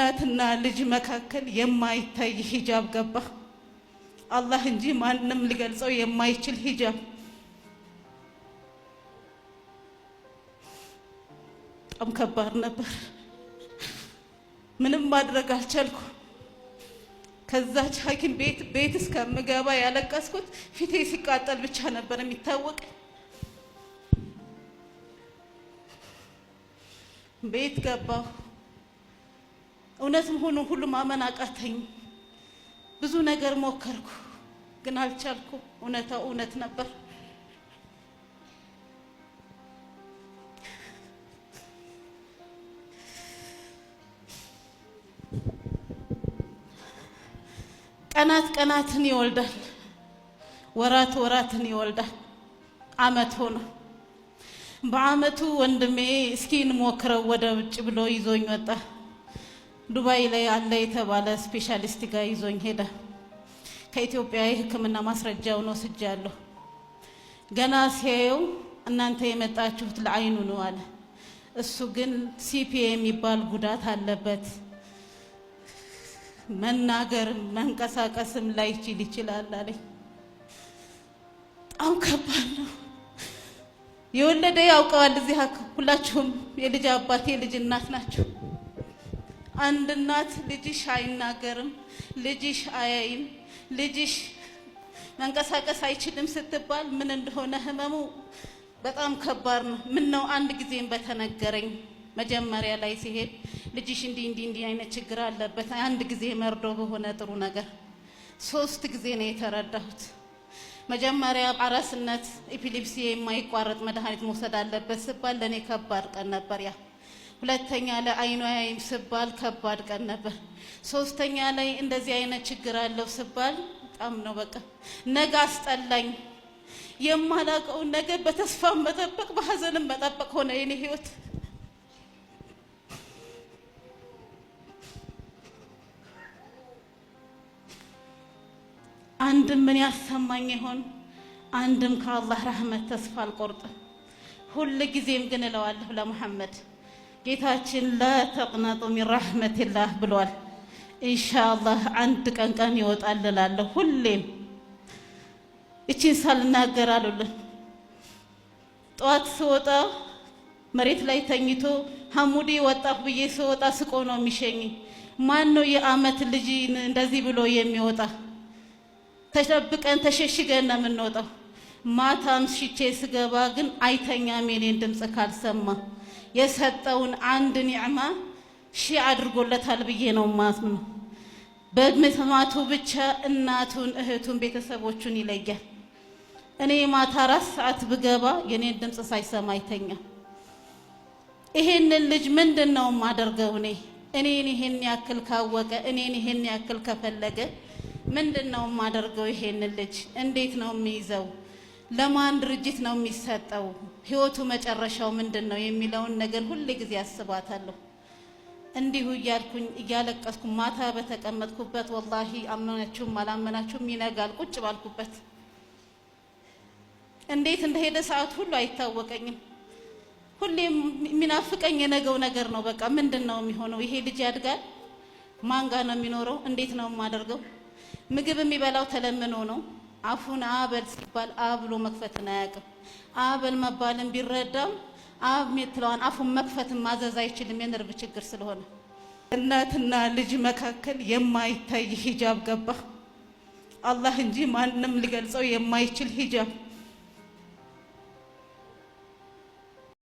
እናትና ልጅ መካከል የማይታይ ሂጃብ ገባ። አላህ እንጂ ማንም ሊገልጸው የማይችል ሂጃብ በጣም ከባድ ነበር። ምንም ማድረግ አልቻልኩ። ከዛች ሐኪም ቤት ቤት እስከምገባ ያለቀስኩት ፊቴ ሲቃጠል ብቻ ነበር የሚታወቅ። ቤት ገባሁ። እውነት መሆኑን ሁሉ ማመን አቃተኝ። ብዙ ነገር ሞከርኩ፣ ግን አልቻልኩ። እውነታው እውነት ነበር። ቀናት ቀናትን ይወልዳል፣ ወራት ወራትን ይወልዳል። አመት ሆነ። በአመቱ ወንድሜ እስኪ እንሞክረው ወደ ውጭ ብሎ ይዞኝ ወጣ። ዱባይ ላይ አለ የተባለ ስፔሻሊስት ጋር ይዞኝ ሄደ። ከኢትዮጵያ የሕክምና ማስረጃውን ወስጃለሁ። ገና ሲያየው እናንተ የመጣችሁት ለአይኑ ነው አለ። እሱ ግን ሲፒ የሚባል ጉዳት አለበት፣ መናገርም መንቀሳቀስም ላይችል ይችላል አለኝ። በጣም ከባድ ነው። የወለደ ያውቀዋል። እዚህ ሁላችሁም የልጅ አባት የልጅ እናት ናቸው። አንድ እናት ልጅሽ አይናገርም፣ ልጅሽ አያይም፣ ልጅሽ መንቀሳቀስ አይችልም ስትባል ምን እንደሆነ ህመሙ በጣም ከባድ ነው። ምን ነው አንድ ጊዜም በተነገረኝ መጀመሪያ ላይ ሲሄድ ልጅሽ እንዲህ እንዲህ እንዲህ አይነት ችግር አለበት፣ አንድ ጊዜ መርዶ በሆነ ጥሩ ነገር ሶስት ጊዜ ነው የተረዳሁት። መጀመሪያ አራስነት፣ ኤፒሊፕሲ የማይቋረጥ መድኃኒት መውሰድ አለበት ስባል ለእኔ ከባድ ቀን ነበር ያ ሁለተኛ ላይ አይኗ ያይም ስባል ከባድ ቀን ነበር። ሶስተኛ ላይ እንደዚህ አይነት ችግር አለው ስባል በጣም ነው በቃ ነገ አስጠላኝ። የማላውቀውን ነገር በተስፋ መጠበቅ በሀዘንም መጠበቅ ሆነ የኔ ህይወት። አንድም ምን ያሰማኝ ይሆን? አንድም ከአላህ ረህመት ተስፋ አልቆርጥም። ሁል ጊዜም ግን እለዋለሁ ለሙሐመድ ጌታችን ላተቅነጡ ሚን ረሕመቲላህ ብሏል። ኢንሻአላህ አንድ ቀን ቀን ይወጣል እላለሁ። ሁሌም እቺን ሳልናገር አሉልን። ጠዋት ስወጣ መሬት ላይ ተኝቶ ሐሙዲ ወጣሁ ብዬ ስወጣ ስቆ ነው የሚሸኝ። ማን ነው የአመት ልጅ እንደዚህ ብሎ የሚወጣ? ተደብቀን ተሸሽገን ነው የምንወጣው። ማታም ሽቼ ስገባ ግን አይተኛም የኔን ድምፅ ካልሰማ የሰጠውን አንድ ኒዕማ ሺ አድርጎለታል ብዬ ነው ነው። በመስማቱ ብቻ እናቱን፣ እህቱን፣ ቤተሰቦቹን ይለያል። እኔ ማታ አራት ሰዓት ብገባ የኔን ድምፅ ሳይሰማ አይተኛም። ይሄንን ልጅ ምንድን ነው ማደርገው? እኔ እኔን ይሄን ያክል ካወቀ እኔን ይሄን ያክል ከፈለገ ምንድን ነው ማደርገው? ይሄንን ልጅ እንዴት ነው የሚይዘው? ለማን ድርጅት ነው የሚሰጠው፣ ህይወቱ መጨረሻው ምንድን ነው የሚለውን ነገር ሁል ጊዜ አስባታለሁ። እንዲሁ እያልኩኝ እያለቀስኩ ማታ በተቀመጥኩበት ወላሂ አመናችሁም አላመናችሁም ይነጋል። ቁጭ ባልኩበት እንዴት እንደሄደ ሰዓት ሁሉ አይታወቀኝም። ሁሌ የሚናፍቀኝ የነገው ነገር ነው። በቃ ምንድን ነው የሚሆነው? ይሄ ልጅ ያድጋል? ማን ነው የሚኖረው? እንዴት ነው የማደርገው? ምግብ የሚበላው ተለምኖ ነው አፉን አበል ሲባል አብሎ ብሎ መክፈትን አያውቅም። አበል መባልን ቢረዳም አብ የምትለዋን አፉን መክፈትን ማዘዝ አይችልም፣ የነርቭ ችግር ስለሆነ። እናትና ልጅ መካከል የማይታይ ሂጃብ ገባ፣ አላህ እንጂ ማንም ሊገልጸው የማይችል ሂጃብ